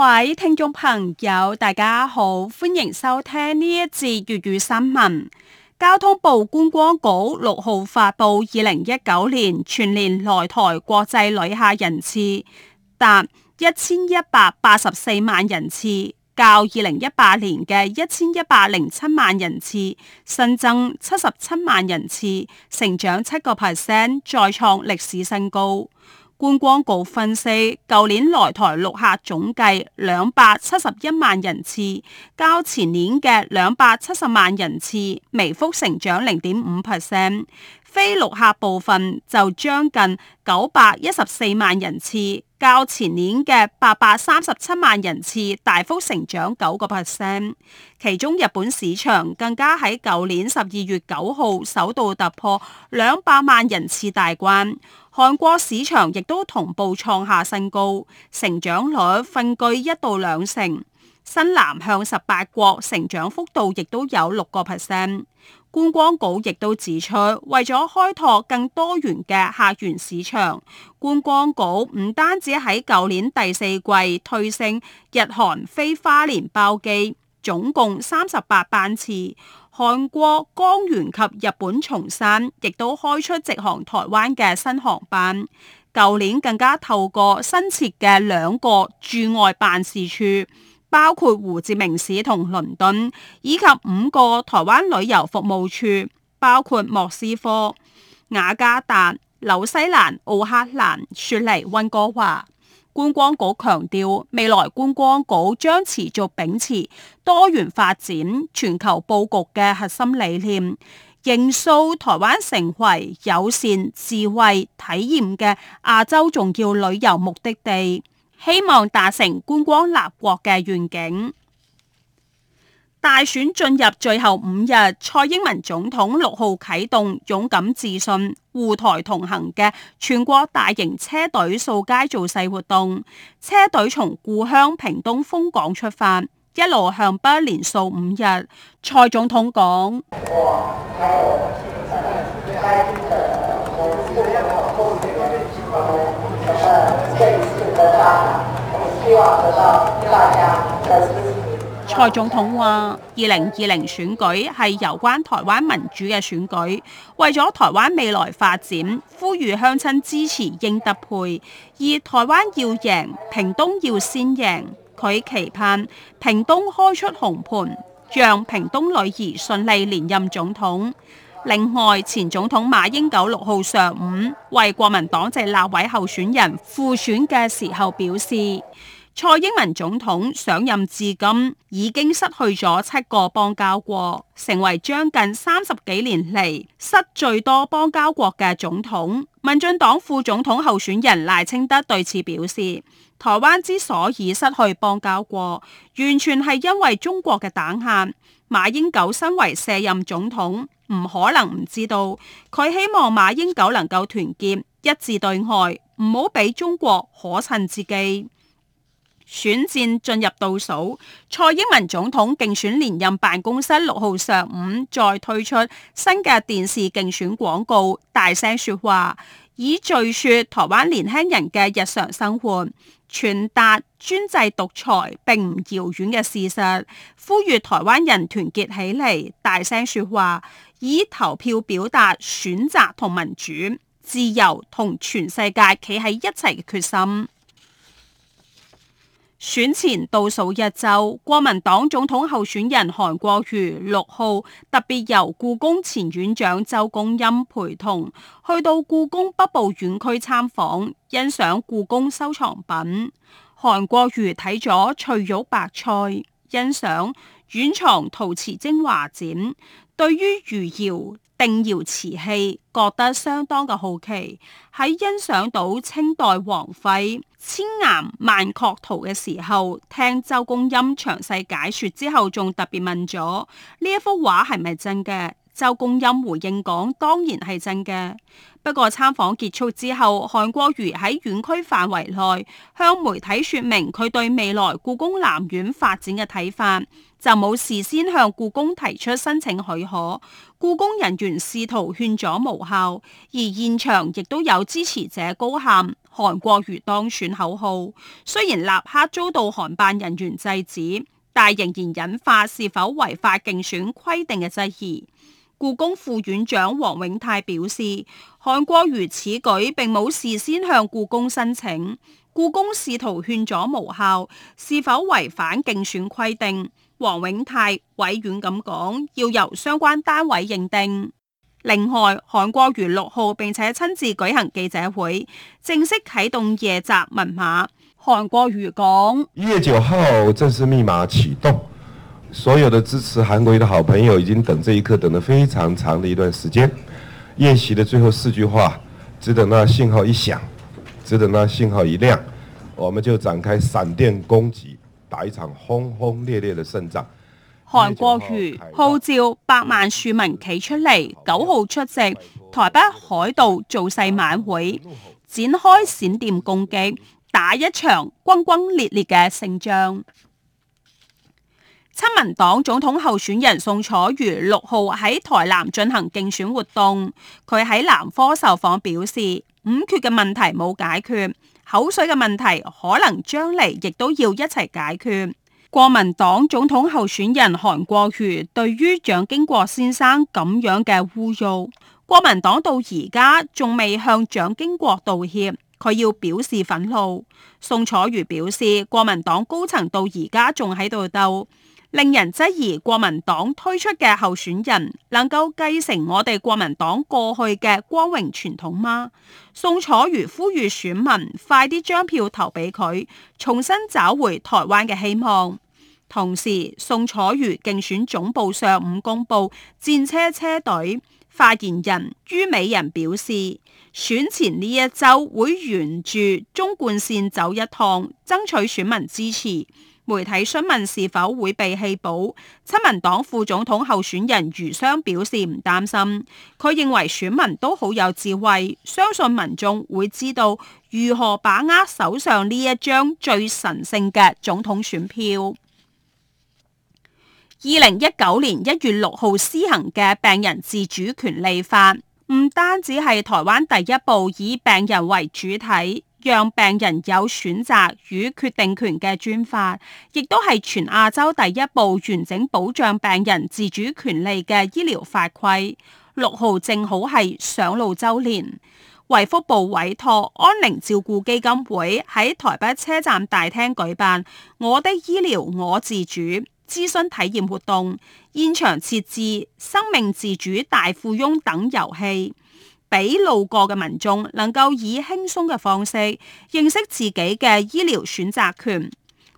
各位聽眾朋友，大家好，歡迎收聽呢一節粵語新聞。交通部觀光局六號發布二零一九年全年來台國際旅客人次達一千一百八十四萬人次，較二零一八年嘅一千一百零七萬人次新增七十七萬人次，成長七個 percent，再創歷史新高。觀光局分析，舊年來台陸客總計兩百七十一萬人次，較前年嘅兩百七十萬人次微幅成長零點五 percent。非陸客部分就將近九百一十四萬人次，較前年嘅八百三十七萬人次大幅成長九個 percent。其中日本市場更加喺舊年十二月九號首度突破兩百萬人次大關。韓國市場亦都同步創下新高，成長率分居一到兩成。新南向十八國成長幅度亦都有六個 percent。觀光局亦都指出，為咗開拓更多元嘅客源市場，觀光局唔單止喺舊年第四季推升日韓飛花蓮包機，總共三十八班次。韓國江原及日本松山亦都開出直航台灣嘅新航班，舊年更加透過新設嘅兩個駐外辦事處，包括胡志明市同倫敦，以及五個台灣旅遊服務處，包括莫斯科、雅加達、紐西蘭、奧克蘭、雪梨、溫哥華。觀光局強調，未來觀光局將持續秉持多元發展、全球布局嘅核心理念，迎塑台灣成為友善、智慧、體驗嘅亞洲重要旅遊目的地，希望達成觀光立國嘅願景。大選進入最後五日，蔡英文總統六號啟動勇敢自信護台同行嘅全國大型車隊掃街造勢活動，車隊從故鄉屏東楓港出發，一路向北連掃五日。蔡總統講：蔡總統話、啊：二零二零選舉係有關台灣民主嘅選舉，為咗台灣未來發展，呼籲鄉親支持英德配。而台灣要贏，屏東要先贏。佢期盼屏東開出紅盤，讓屏東女兒順利連任總統。另外，前總統馬英九六號上午為國民黨籍立委候選人輔選嘅時候表示。蔡英文總統上任至今已經失去咗七個邦交國，成為將近三十幾年嚟，失最多邦交國嘅總統。民進黨副總統候選人賴清德對此表示，台灣之所以失去邦交國，完全係因為中國嘅打壓。馬英九身為卸任總統，唔可能唔知道，佢希望馬英九能夠團結一致對外，唔好俾中國可趁之機。選戰進入倒數，蔡英文總統競選連任辦公室六號上午再推出新嘅電視競選廣告，大聲說話，以敘說台灣年輕人嘅日常生活，傳達專制獨裁並唔遙遠嘅事實，呼籲台灣人團結起嚟，大聲說話，以投票表達選擇同民主、自由同全世界企喺一齊嘅決心。選前倒數一周，國民黨總統候選人韓國瑜六號特別由故宮前院長周功鑫陪同，去到故宮北部院區參訪，欣賞故宮收藏品。韓國瑜睇咗翠玉白菜，欣賞院藏陶瓷精華展，對於餘姚。定窯瓷器，覺得相當嘅好奇，喺欣賞到清代王翬《千巖萬壑圖》嘅時候，聽周公音詳細解說之後，仲特別問咗呢一幅畫係咪真嘅？周公音回應講：當然係真嘅。不過參訪結束之後，韓國瑜喺院區範圍內向媒體說明佢對未來故宮南院發展嘅睇法，就冇事先向故宮提出申請許可。故宮人員試圖勸阻無效，而現場亦都有支持者高喊韓國瑜當選口號，雖然立刻遭到韓辦人員制止，但仍然引發是否違法競選規定嘅質疑。故宮副院長王永泰表示，韓國瑜此舉並冇事先向故宮申請，故宮試圖勸阻無效，是否違反競選規定？王永泰委婉咁講，要由相關單位認定。另外，韓國瑜六號並且親自舉行記者會，正式啟動夜襲密碼。韓國瑜講：一月九號正式密碼啟動。所有的支持韓國瑜的好朋友已經等這一刻等了非常長的一段時間。夜襲的最後四句話，只等那信號一響，只等那信號一亮，我們就展開閃電攻擊，打一場轟轟烈烈的勝仗。韓國瑜號召百萬庶民企出嚟，九號出席台北凱道造勢晚會，展開閃電攻擊，打一場轟轟烈烈嘅勝仗。親民黨總統候選人宋楚瑜六號喺台南進行競選活動，佢喺南科受訪表示，五缺嘅問題冇解決，口水嘅問題可能將嚟亦都要一齊解決。國民黨總統候選人韓國瑜對於蔣經國先生咁樣嘅侮辱，國民黨到而家仲未向蔣經國道歉，佢要表示憤怒。宋楚瑜表示，國民黨高層到而家仲喺度鬥。令人質疑國民黨推出嘅候選人能夠繼承我哋國民黨過去嘅光榮傳統嗎？宋楚瑜呼籲選民快啲將票投俾佢，重新找回台灣嘅希望。同時，宋楚瑜競選總部上午公布戰車車隊發言人于美人表示，選前呢一周會沿住中冠綫走一趟，爭取選民支持。媒體詢問是否會被棄保，親民黨副總統候選人余湘表示唔擔心，佢認為選民都好有智慧，相信民眾會知道如何把握手上呢一張最神聖嘅總統選票。二零一九年一月六號施行嘅病人自主權利法，唔單止係台灣第一部以病人為主體，讓病人有選擇與決定權嘅專法，亦都係全亞洲第一部完整保障病人自主權利嘅醫療法規。六號正好係上路週年，衛福部委託安寧照顧基金會喺台北車站大廳舉辦《我的醫療我自主》諮詢體驗活動，現場設置生命自主大富翁等遊戲。俾路過嘅民眾能夠以輕鬆嘅方式認識自己嘅醫療選擇權。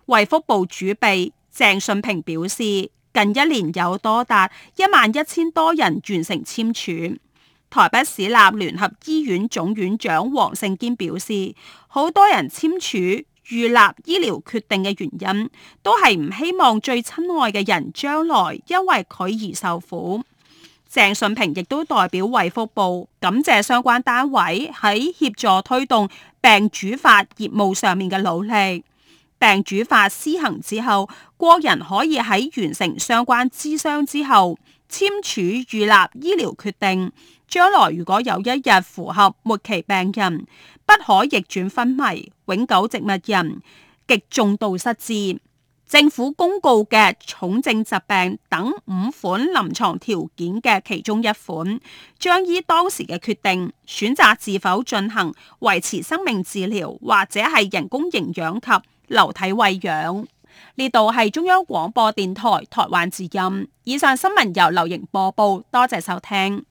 衛福部主秘鄭信平表示，近一年有多達一萬一千多人完成簽署。台北市立聯合醫院總院長黃勝堅表示，好多人簽署預立醫療決定嘅原因，都係唔希望最親愛嘅人將來因為佢而受苦。鄭信平亦都代表衛福部感謝相關單位喺協助推動病主法業務上面嘅努力。病主法施行之後，個人可以喺完成相關諮商之後簽署預立醫療決定，將來如果有一日符合末期病人不可逆轉昏迷、永久植物人、極重度失智，政府公告嘅重症疾病等五款臨床條件嘅其中一款，將依當時嘅決定，選擇是否進行維持生命治療或者係人工營養及流體餵養。呢度係中央廣播電台台灣之音。以上新聞由劉瑩播報，多謝收聽。